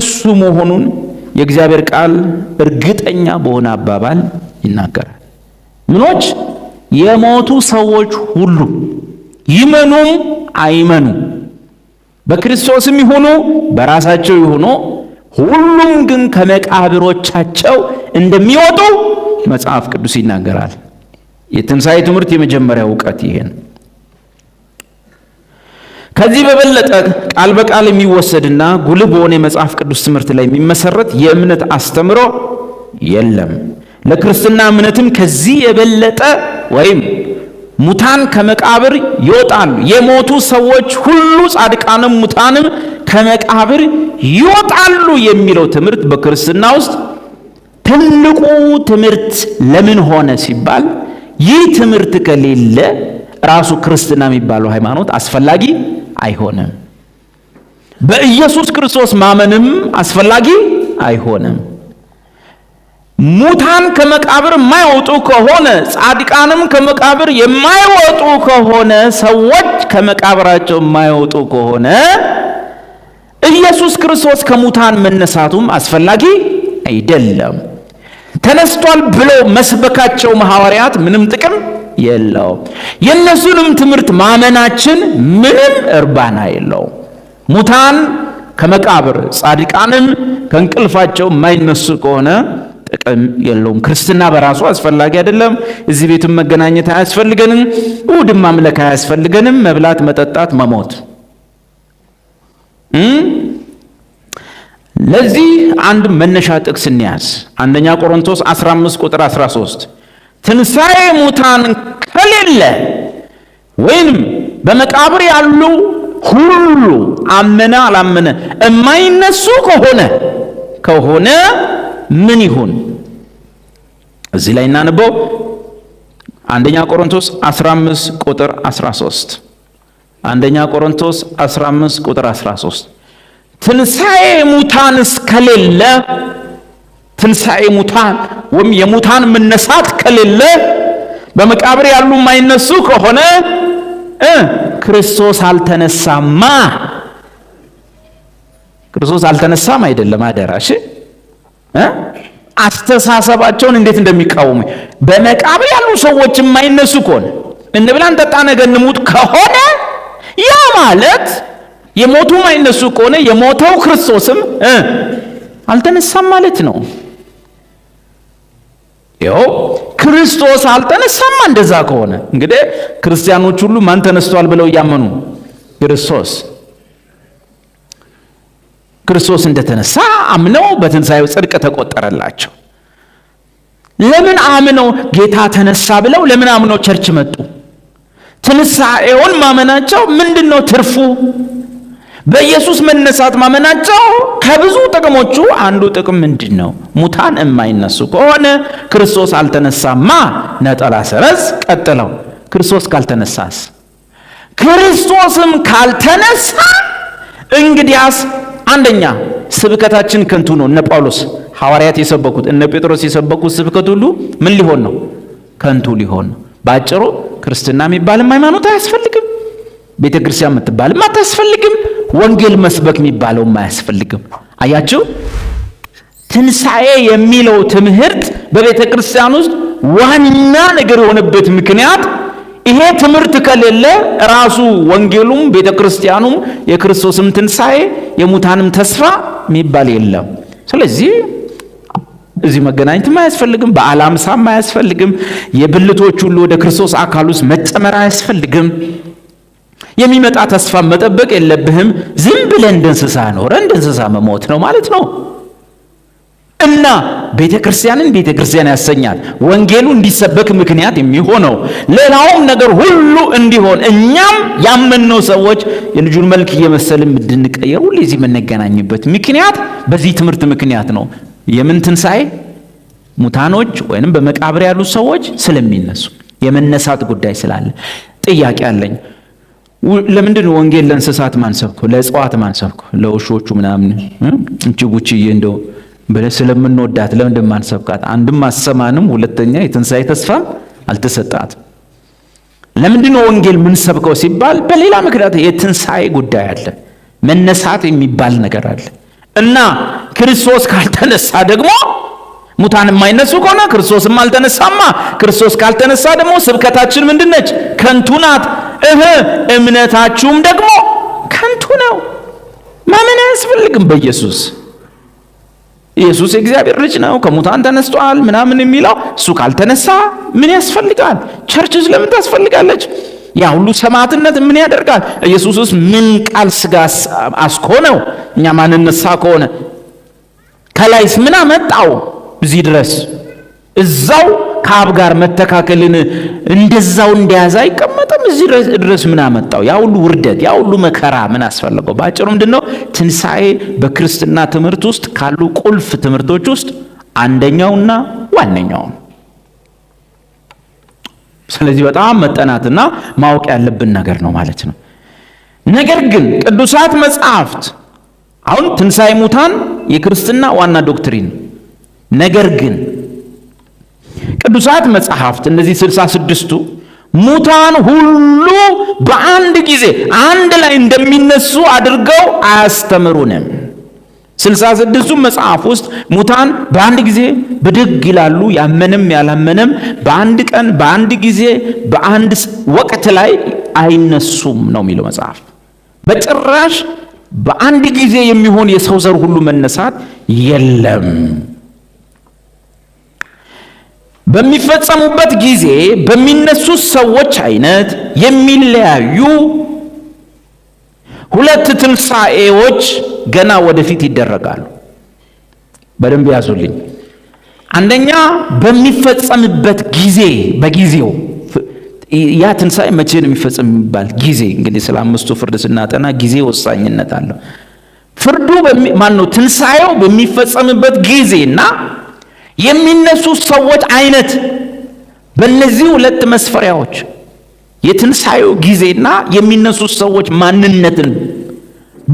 እሱ መሆኑን የእግዚአብሔር ቃል እርግጠኛ በሆነ አባባል ይናገራል። ምኖች የሞቱ ሰዎች ሁሉ ይመኑም አይመኑ በክርስቶስም ይሁኑ በራሳቸው ይሁኑ ሁሉም ግን ከመቃብሮቻቸው እንደሚወጡ መጽሐፍ ቅዱስ ይናገራል። የትንሣኤ ትምህርት የመጀመሪያ እውቀት ይሄ ነው። ከዚህ በበለጠ ቃል በቃል የሚወሰድና ጉልህ በሆነ የመጽሐፍ ቅዱስ ትምህርት ላይ የሚመሰረት የእምነት አስተምሮ የለም። ለክርስትና እምነትም ከዚህ የበለጠ ወይም ሙታን ከመቃብር ይወጣሉ፣ የሞቱ ሰዎች ሁሉ ጻድቃንም ሙታንም ከመቃብር ይወጣሉ የሚለው ትምህርት በክርስትና ውስጥ ትልቁ ትምህርት ለምን ሆነ ሲባል ይህ ትምህርት ከሌለ ራሱ ክርስትና የሚባለው ሃይማኖት አስፈላጊ አይሆንም። በኢየሱስ ክርስቶስ ማመንም አስፈላጊ አይሆንም። ሙታን ከመቃብር የማይወጡ ከሆነ ጻድቃንም ከመቃብር የማይወጡ ከሆነ ሰዎች ከመቃብራቸው የማይወጡ ከሆነ ኢየሱስ ክርስቶስ ከሙታን መነሳቱም አስፈላጊ አይደለም። ተነስቷል ብሎ መስበካቸው ሐዋርያት ምንም ጥቅም የለውም። የእነሱንም ትምህርት ማመናችን ምንም እርባና የለውም። ሙታን ከመቃብር ጻድቃንም ከእንቅልፋቸው የማይነሱ ከሆነ ጥቅም የለውም። ክርስትና በራሱ አስፈላጊ አይደለም። እዚህ ቤትም መገናኘት አያስፈልገንም። እሑድም ማምለክ አያስፈልገንም። መብላት፣ መጠጣት፣ መሞት ለዚህ አንድ መነሻ ጥቅስ እንያዝ። አንደኛ ቆሮንቶስ 15 ቁጥር 13 ትንሣኤ ሙታን ከሌለ ወይም በመቃብር ያሉ ሁሉ አመነ አላመነ እማይነሱ ከሆነ ከሆነ ምን ይሁን? እዚህ ላይ እናንበው። አንደኛ ቆሮንቶስ 15 ቁጥር 13 አንደኛ ቆሮንቶስ 15 ቁጥር 13 ትንሣኤ ሙታን እስከሌለ ትንሣኤ ሙታን ወይም የሙታን መነሳት ከሌለ በመቃብር ያሉ የማይነሱ ከሆነ ክርስቶስ አልተነሳማ። ክርስቶስ አልተነሳም አይደለም አደራ። አስተሳሰባቸውን እንዴት እንደሚቃወሙ በመቃብር ያሉ ሰዎች የማይነሱ ከሆነ እንብላን እንጠጣ፣ ነገ እንሙት ከሆነ ያ ማለት የሞቱ ማይነሱ ከሆነ የሞተው ክርስቶስም አልተነሳም ማለት ነው። ይኸው ክርስቶስ አልተነሳማ። እንደዛ ከሆነ እንግዲህ ክርስቲያኖች ሁሉ ማን ተነስቷል ብለው እያመኑ ክርስቶስ ክርስቶስ እንደተነሳ አምነው በትንሣኤው ጽድቅ ተቆጠረላቸው። ለምን አምነው ጌታ ተነሳ ብለው ለምን አምነው ቸርች መጡ? ትንሣኤውን ማመናቸው ምንድን ነው ትርፉ? በኢየሱስ መነሳት ማመናቸው ከብዙ ጥቅሞቹ አንዱ ጥቅም ምንድን ነው? ሙታን የማይነሱ ከሆነ ክርስቶስ አልተነሳማ። ነጠላ ሰረዝ ቀጥለው፣ ክርስቶስ ካልተነሳስ፣ ክርስቶስም ካልተነሳ እንግዲያስ አንደኛ ስብከታችን ከንቱ ነው። እነ ጳውሎስ ሐዋርያት የሰበኩት እነ ጴጥሮስ የሰበኩት ስብከት ሁሉ ምን ሊሆን ነው? ከንቱ ሊሆን ነው። ባጭሩ ክርስትና የሚባልም ሃይማኖት አያስፈልግም። ቤተ ክርስቲያን የምትባልም አታስፈልግም። ወንጌል መስበክ የሚባለውም አያስፈልግም። አያችሁ፣ ትንሣኤ የሚለው ትምህርት በቤተ ክርስቲያን ውስጥ ዋና ነገር የሆነበት ምክንያት ይሄ ትምህርት ከሌለ ራሱ ወንጌሉም ቤተ ክርስቲያኑም የክርስቶስም ትንሣኤ የሙታንም ተስፋ የሚባል የለም። ስለዚህ እዚህ መገናኘትም አያስፈልግም፣ በዓለ ሃምሳም አያስፈልግም፣ የብልቶች ሁሉ ወደ ክርስቶስ አካል ውስጥ መጨመር አያስፈልግም። የሚመጣ ተስፋ መጠበቅ የለብህም። ዝም ብለህ እንደ እንስሳ ኖረ እንደ እንስሳ መሞት ነው ማለት ነው። እና ቤተ ክርስቲያንን ቤተ ክርስቲያን ያሰኛል። ወንጌሉ እንዲሰበክ ምክንያት የሚሆነው ሌላውም ነገር ሁሉ እንዲሆን እኛም ያመንነው ሰዎች የልጁን መልክ እየመሰልን እንድንቀየር ሁሌ እዚህ የምንገናኝበት ምክንያት በዚህ ትምህርት ምክንያት ነው። የምን ትንሣኤ? ሙታኖች ወይንም በመቃብር ያሉ ሰዎች ስለሚነሱ የመነሳት ጉዳይ ስላለ ጥያቄ አለኝ። ለምንድን ነው ወንጌል ለእንስሳት ማንሰብኩ ለእጽዋት ማንሰብኩ ለውሾቹ ምናምን እንቺ ጉቺዬ እንደው ብለህ ስለምንወዳት ለምንድን ማንሰብካት? አንድም አሰማንም፣ ሁለተኛ የትንሣኤ ተስፋ አልተሰጣትም። ለምንድን ነው ወንጌል ምንሰብከው ሲባል በሌላ ምክንያት የትንሣኤ ጉዳይ አለ፣ መነሳት የሚባል ነገር አለ እና ክርስቶስ ካልተነሳ ደግሞ ሙታን የማይነሱ ከሆነ ክርስቶስም አልተነሳማ። ክርስቶስ ካልተነሳ ደግሞ ስብከታችን ምንድነች? ከንቱ ናት። እህ እምነታችሁም ደግሞ ከንቱ ነው። ማመን አያስፈልግም በኢየሱስ ኢየሱስ የእግዚአብሔር ልጅ ነው፣ ከሙታን ተነስቷል ምናምን የሚለው እሱ ካልተነሳ ምን ያስፈልጋል? ቸርችስ ለምን ታስፈልጋለች? ያ ሁሉ ሰማዕትነት ምን ያደርጋል? ኢየሱስስ ምን ቃል ስጋ አስኮ ነው እኛ ማንነሳ ከሆነ ከላይስ ምን አመጣው? እዚህ ድረስ እዛው ከአብ ጋር መተካከልን እንደዛው እንደያዘ አይቀመጥም። እዚህ ድረስ ምን አመጣው? ያ ሁሉ ውርደት፣ ያ ሁሉ መከራ ምን አስፈለገው? በአጭሩ ምንድን ነው? ትንሣኤ በክርስትና ትምህርት ውስጥ ካሉ ቁልፍ ትምህርቶች ውስጥ አንደኛውና ዋነኛው ነው። ስለዚህ በጣም መጠናትና ማወቅ ያለብን ነገር ነው ማለት ነው። ነገር ግን ቅዱሳት መጽሐፍት አሁን ትንሣኤ ሙታን የክርስትና ዋና ዶክትሪን ነገር ግን ቅዱሳት መጽሐፍት እነዚህ ስልሳ ስድስቱ ሙታን ሁሉ በአንድ ጊዜ አንድ ላይ እንደሚነሱ አድርገው አያስተምሩንም። ስልሳ ስድስቱ መጽሐፍ ውስጥ ሙታን በአንድ ጊዜ ብድግ ይላሉ። ያመንም ያላመንም በአንድ ቀን፣ በአንድ ጊዜ፣ በአንድ ወቅት ላይ አይነሱም ነው የሚለው መጽሐፍ። በጭራሽ በአንድ ጊዜ የሚሆን የሰው ዘር ሁሉ መነሳት የለም። በሚፈጸሙበት ጊዜ በሚነሱ ሰዎች አይነት የሚለያዩ ሁለት ትንሣኤዎች ገና ወደፊት ይደረጋሉ። በደንብ ያዙልኝ። አንደኛ በሚፈጸምበት ጊዜ በጊዜው ያ ትንሣኤ መቼ ነው የሚፈጸም የሚባል ጊዜ እንግዲህ ስለ አምስቱ ፍርድ ስናጠና ጊዜ ወሳኝነት አለው። ፍርዱ ማነው? ትንሣኤው በሚፈጸምበት ጊዜና የሚነሱ ሰዎች አይነት በእነዚህ ሁለት መስፈሪያዎች የትንሣኤው ጊዜና የሚነሱ ሰዎች ማንነትን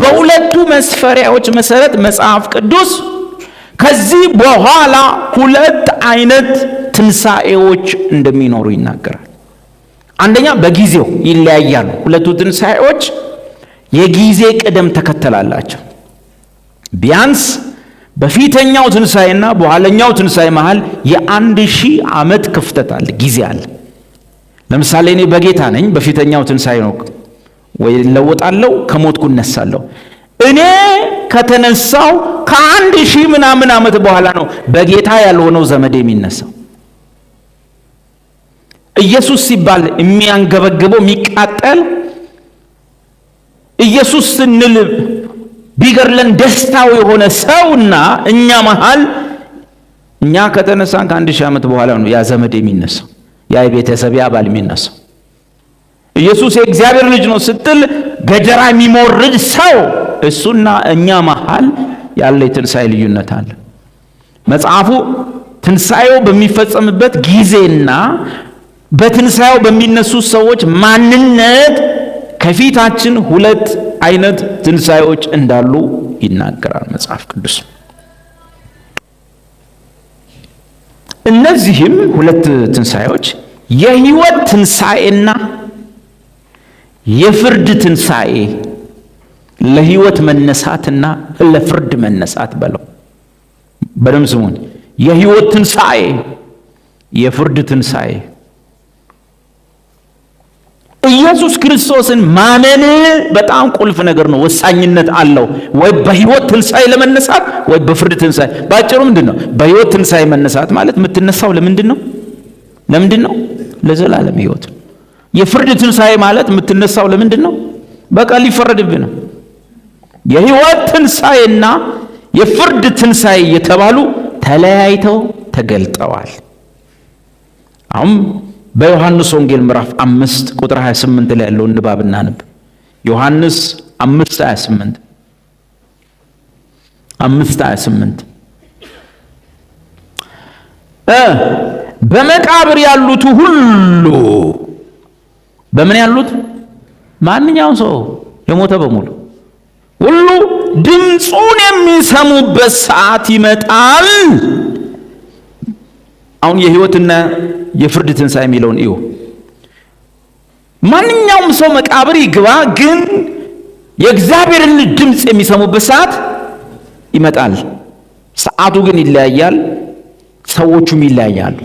በሁለቱ መስፈሪያዎች መሰረት መጽሐፍ ቅዱስ ከዚህ በኋላ ሁለት አይነት ትንሣኤዎች እንደሚኖሩ ይናገራል። አንደኛ በጊዜው ይለያያሉ። ሁለቱ ትንሣኤዎች የጊዜ ቅደም ተከተላላቸው ቢያንስ በፊተኛው ትንሣኤና በኋለኛው ትንሣኤ መሃል የአንድ ሺህ ዓመት ክፍተት አለ፣ ጊዜ አለ። ለምሳሌ እኔ በጌታ ነኝ። በፊተኛው ትንሣኤ ነው ወይ ለወጣለሁ፣ ከሞትኩ እነሳለሁ። እኔ ከተነሳው ከአንድ ሺህ ምናምን ዓመት በኋላ ነው በጌታ ያልሆነው ዘመድ የሚነሳው። ኢየሱስ ሲባል የሚያንገበግበው የሚቃጠል ኢየሱስ ስንል ቢገርለን ደስታው የሆነ ሰውና እኛ መሃል እኛ ከተነሳን ከአንድ ሺህ ዓመት በኋላ ነው ያ ዘመድ የሚነሳው፣ ያ የቤተሰብ አባል የሚነሳው። ኢየሱስ የእግዚአብሔር ልጅ ነው ስትል ገጀራ የሚሞርድ ሰው እሱና እኛ መሃል ያለ የትንሣኤ ልዩነት አለ። መጽሐፉ ትንሣኤው በሚፈጸምበት ጊዜና በትንሣኤው በሚነሱ ሰዎች ማንነት ከፊታችን ሁለት አይነት ትንሣኤዎች እንዳሉ ይናገራል መጽሐፍ ቅዱስ። እነዚህም ሁለት ትንሣኤዎች የህይወት ትንሣኤና የፍርድ ትንሣኤ ለህይወት መነሳትና ለፍርድ መነሳት በለው። በደም ስሙን የህይወት ትንሣኤ፣ የፍርድ ትንሣኤ ኢየሱስ ክርስቶስን ማመን በጣም ቁልፍ ነገር ነው፣ ወሳኝነት አለው። ወይ በህይወት ትንሣኤ ለመነሳት ወይ በፍርድ ትንሣኤ። ባጭሩ ምንድን ነው? በህይወት ትንሣኤ መነሳት ማለት የምትነሳው ለምንድን ነው? ለምንድን ነው? ለዘላለም ህይወት። የፍርድ ትንሣኤ ማለት የምትነሳው ለምንድን ነው? በቃ ሊፈረድብህ ነው። የህይወት ትንሣኤና የፍርድ ትንሣኤ የተባሉ ተለያይተው ተገልጠዋል። አሁን በዮሐንስ ወንጌል ምዕራፍ 5 ቁጥር 28 ላይ ያለውን ንባብ እናንብ። ዮሐንስ 5 28 5 28 እ በመቃብር ያሉት ሁሉ በምን ያሉት ማንኛውም ሰው የሞተ በሙሉ ሁሉ ድምፁን የሚሰሙበት ሰዓት ይመጣል። አሁን የህይወትና የፍርድ ትንሣኤ የሚለውን እዩ። ማንኛውም ሰው መቃብር ይግባ፣ ግን የእግዚአብሔርን ድምፅ የሚሰሙበት ሰዓት ይመጣል። ሰዓቱ ግን ይለያያል፣ ሰዎቹም ይለያያሉ፣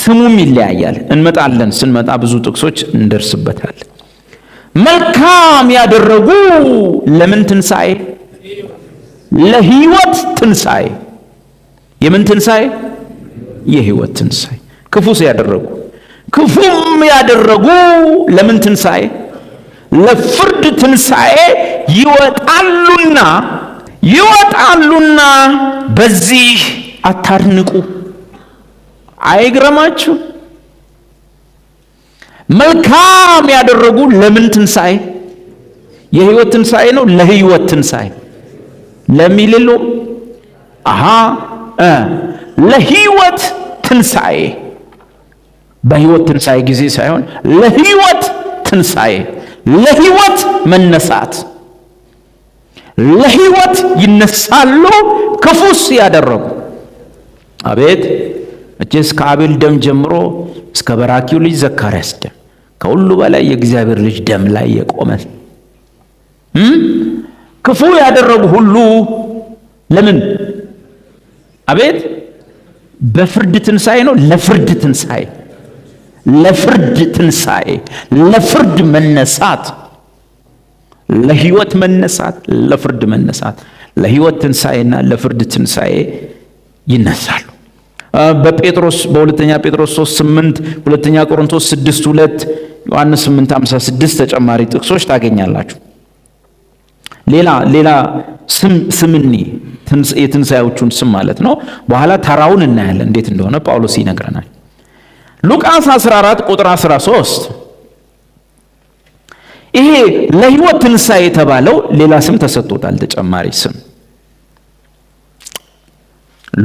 ስሙም ይለያያል። እንመጣለን። ስንመጣ ብዙ ጥቅሶች እንደርስበታል። መልካም ያደረጉ ለምን ትንሣኤ? ለሕይወት ትንሣኤ። የምን ትንሣኤ? የሕይወት ትንሣኤ። ክፉ ያደረጉ ክፉም ያደረጉ ለምን ትንሣኤ ለፍርድ ትንሣኤ ይወጣሉና ይወጣሉና በዚህ አታድንቁ። አይግረማችሁ። መልካም ያደረጉ ለምን ትንሣኤ? የህይወት ትንሣኤ ነው። ለህይወት ትንሣኤ ለሚልሉ አሃ ለህይወት ትንሣኤ በህይወት ትንሣኤ ጊዜ ሳይሆን ለህይወት ትንሣኤ፣ ለህይወት መነሳት፣ ለህይወት ይነሳሉ ክፉስ ያደረጉ። አቤት መቼስ ከአቤል ደም ጀምሮ እስከ በራኪው ልጅ ዘካርያስ ደም ከሁሉ በላይ የእግዚአብሔር ልጅ ደም ላይ የቆመ ክፉ ያደረጉ ሁሉ ለምን? አቤት በፍርድ ትንሣኤ ነው። ለፍርድ ትንሣኤ ለፍርድ ትንሣኤ፣ ለፍርድ መነሳት፣ ለሕይወት መነሳት፣ ለፍርድ መነሳት፣ ለሕይወት ትንሣኤና ለፍርድ ትንሣኤ ይነሳሉ። በጴጥሮስ በሁለተኛ ጴጥሮስ 3 8 ሁለተኛ ቆሮንቶስ 6 2 ዮሐንስ 8 56 ተጨማሪ ጥቅሶች ታገኛላችሁ። ሌላ ሌላ ስም ስምኒ የትንሣኤዎቹን ስም ማለት ነው። በኋላ ተራውን እናያለን እንዴት እንደሆነ ጳውሎስ ይነግረናል። ሉቃስ 14 ቁጥር 13 ይሄ ለህይወት ትንሣኤ የተባለው ሌላ ስም ተሰጥቶታል፣ ተጨማሪ ስም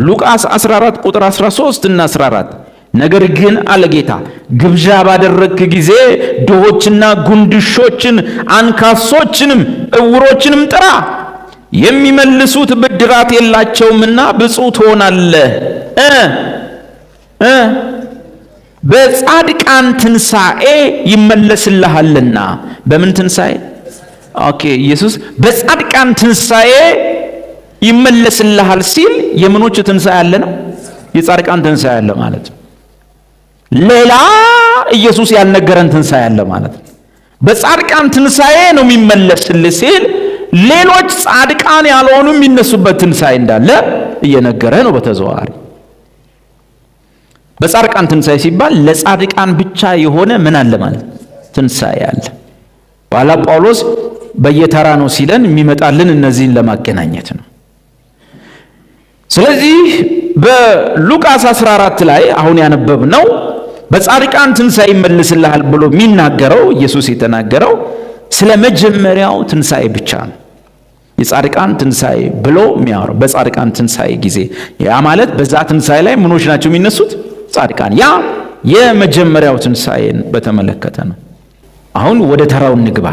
ሉቃስ 14 ቁጥር 13 እና 14 ነገር ግን አለ ጌታ ግብዣ ባደረግክ ጊዜ ድሆችና ጉንድሾችን አንካሶችንም እውሮችንም ጥራ፣ የሚመልሱት ብድራት የላቸውምና ብፁ ትሆናለህ። በጻድቃን ትንሣኤ ይመለስልሃልና። በምን ትንሣኤ? ኦኬ ኢየሱስ በጻድቃን ትንሣኤ ይመለስልሃል ሲል የምኖቹ ትንሣኤ አለ ነው? የጻድቃን ትንሣኤ አለ ማለት ነው። ሌላ ኢየሱስ ያልነገረን ትንሣኤ አለ ማለት ነው። በጻድቃን ትንሣኤ ነው የሚመለስልህ ሲል ሌሎች ጻድቃን ያልሆኑ የሚነሱበት ትንሣኤ እንዳለ እየነገረ ነው በተዘዋዋሪ በጻድቃን ትንሣኤ ሲባል ለጻድቃን ብቻ የሆነ ምን አለ ማለት ትንሣኤ አለ። ኋላ ጳውሎስ በየተራ ነው ሲለን የሚመጣልን እነዚህን ለማገናኘት ነው። ስለዚህ በሉቃስ 14 ላይ አሁን ያነበብነው በጻድቃን ትንሣኤ ይመልስልሃል ብሎ የሚናገረው ኢየሱስ የተናገረው ስለ መጀመሪያው ትንሣኤ ብቻ ነው። የጻድቃን ትንሣኤ ብሎ የሚያወራው በጻድቃን ትንሣኤ ጊዜ ያ ማለት በዛ ትንሣኤ ላይ ምኖች ናቸው የሚነሱት ጻድቃን። ያ የመጀመሪያው ትንሣኤን በተመለከተ ነው። አሁን ወደ ተራው ንግባ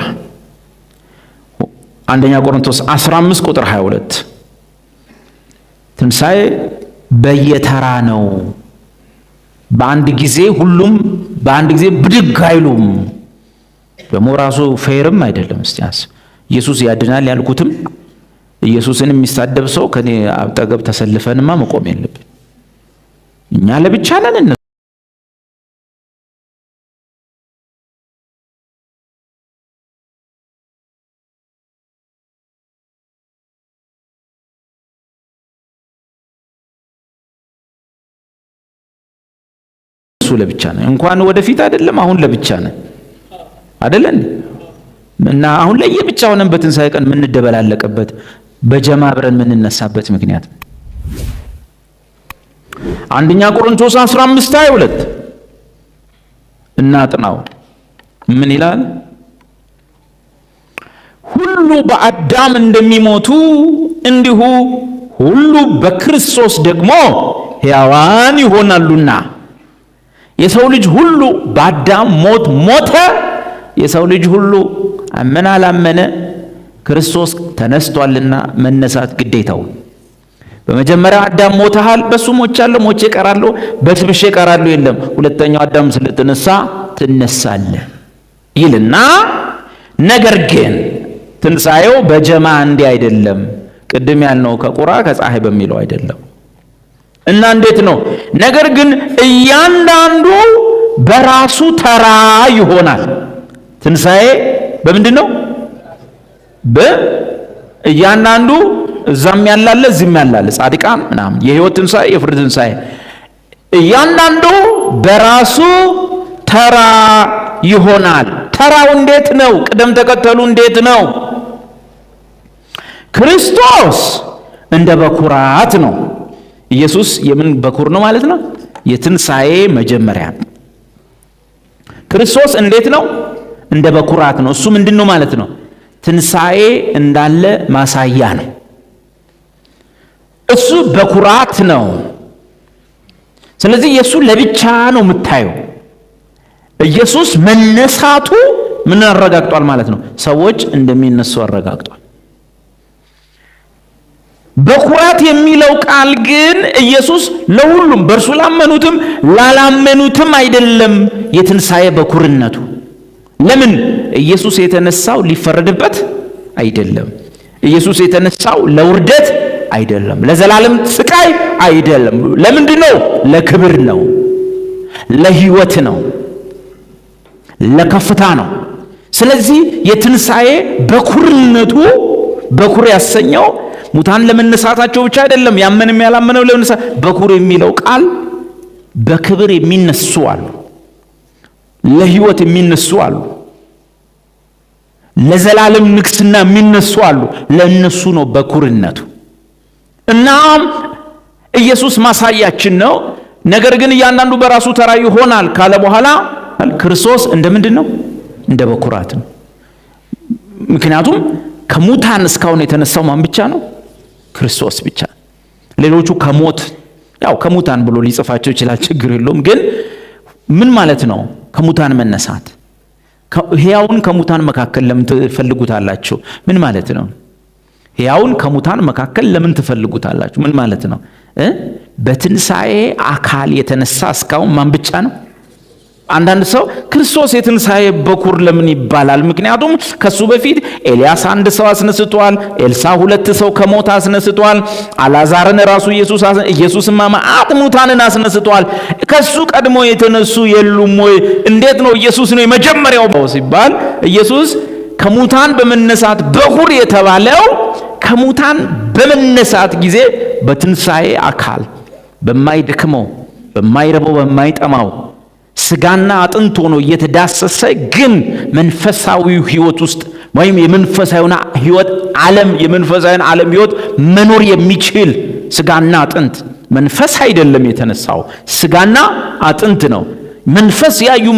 አንደኛ ቆሮንቶስ 15 ቁጥር 22 ትንሣኤ በየተራ ነው። በአንድ ጊዜ ሁሉም በአንድ ጊዜ ብድግ አይሉም። ደግሞ ራሱ ፌርም አይደለም። እስቲያስ ኢየሱስ ያድናል ያልኩትም ኢየሱስን የሚሳደብ ሰው ከኔ አጠገብ ተሰልፈንማ መቆም የለብን። እኛ ለብቻ ነን። እሱ ለብቻ ነው። እንኳን ወደፊት አይደለም አሁን ለብቻ ነው አይደለን እና አሁን ብቻ ሆነን በትንሣኤ ቀን የምንደበላለቅበት በጀማ አብረን የምንነሳበት ምክንያት አንደኛ ቆሮንቶስ 15 22 እናጥናው። ምን ይላል? ሁሉ በአዳም እንደሚሞቱ እንዲሁ ሁሉ በክርስቶስ ደግሞ ሕያዋን ይሆናሉና የሰው ልጅ ሁሉ በአዳም ሞት ሞተ። የሰው ልጅ ሁሉ አመነ አላመነ፣ ክርስቶስ ተነስቷልና መነሳት ግዴታው በመጀመሪያ አዳም ሞተሃል፣ በሱ ሞቻለሁ፣ ሞቼ እቀራለሁ፣ በትብሽ እቀራለሁ የለም። ሁለተኛው አዳም ስለተነሳ ትነሳለህ ይልና ነገር ግን ትንሣኤው በጀማ እንዲህ አይደለም። ቅድም ያልነው ከቁራ ከፀሐይ በሚለው አይደለም እና እንዴት ነው? ነገር ግን እያንዳንዱ በራሱ ተራ ይሆናል። ትንሣኤ በምንድን ነው? እያንዳንዱ እዛም ያላለ እዚህም ያላለ ጻድቃን ምናምን የህይወት ትንሣኤ የፍርድ ትንሣኤ እያንዳንዱ በራሱ ተራ ይሆናል። ተራው እንዴት ነው? ቅደም ተከተሉ እንዴት ነው? ክርስቶስ እንደ በኩራት ነው። ኢየሱስ የምን በኩር ነው ማለት ነው? የትንሣኤ መጀመሪያ ክርስቶስ እንዴት ነው? እንደ በኩራት ነው። እሱ ምንድን ነው ማለት ነው? ትንሣኤ እንዳለ ማሳያ ነው። እሱ በኩራት ነው። ስለዚህ ኢየሱስ ለብቻ ነው የምታየው። ኢየሱስ መነሳቱ ምን አረጋግጧል ማለት ነው? ሰዎች እንደሚነሱ አረጋግጧል። በኩራት የሚለው ቃል ግን ኢየሱስ ለሁሉም በእርሱ ላመኑትም ላላመኑትም አይደለም የትንሣኤ በኩርነቱ። ለምን ኢየሱስ የተነሳው ሊፈረድበት አይደለም። ኢየሱስ የተነሳው ለውርደት አይደለም፣ ለዘላለም ስቃይ አይደለም። ለምንድን ነው? ለክብር ነው፣ ለህይወት ነው፣ ለከፍታ ነው። ስለዚህ የትንሣኤ በኩርነቱ በኩር ያሰኘው ሙታን ለመነሳታቸው ብቻ አይደለም። ያመንም ያላመነው ለመነሳ በኩር የሚለው ቃል በክብር የሚነሱ አሉ፣ ለህይወት የሚነሱ አሉ፣ ለዘላለም ንግስና የሚነሱ አሉ። ለእነሱ ነው በኩርነቱ። እናም ኢየሱስ ማሳያችን ነው። ነገር ግን እያንዳንዱ በራሱ ተራ ይሆናል ካለ በኋላ ክርስቶስ እንደ ምንድን ነው? እንደ በኩራት ነው። ምክንያቱም ከሙታን እስካሁን የተነሳው ማን ብቻ ነው? ክርስቶስ ብቻ። ሌሎቹ ከሞት ያው ከሙታን ብሎ ሊጽፋቸው ይችላል፣ ችግር የለውም። ግን ምን ማለት ነው ከሙታን መነሳት? ሕያውን ከሙታን መካከል ለምን ትፈልጉታላችሁ? ምን ማለት ነው? ሕያውን ከሙታን መካከል ለምን ትፈልጉታላችሁ? ምን ማለት ነው? በትንሣኤ አካል የተነሳ እስካሁን ማን ብቻ ነው? አንዳንድ ሰው ክርስቶስ የትንሣኤ በኩር ለምን ይባላል? ምክንያቱም ከሱ በፊት ኤልያስ አንድ ሰው አስነስቷል። ኤልሳ ሁለት ሰው ከሞት አስነስቷል። አላዛርን ራሱ ኢየሱስማ መዓት ሙታንን አስነስቷል። ከሱ ቀድሞ የተነሱ የሉም ወይ? እንዴት ነው ኢየሱስ ነው የመጀመሪያው ሲባል ኢየሱስ ከሙታን በመነሳት በኩር የተባለው ከሙታን በመነሳት ጊዜ በትንሣኤ አካል በማይደክመው በማይረበው በማይጠማው ስጋና አጥንት ሆኖ እየተዳሰሰ ግን መንፈሳዊው ሕይወት ውስጥ ወይም የመንፈሳዊን ሕይወት ዓለም የመንፈሳዊን ዓለም ሕይወት መኖር የሚችል ስጋና አጥንት መንፈስ አይደለም የተነሳው፣ ስጋና አጥንት ነው መንፈስ ያዩ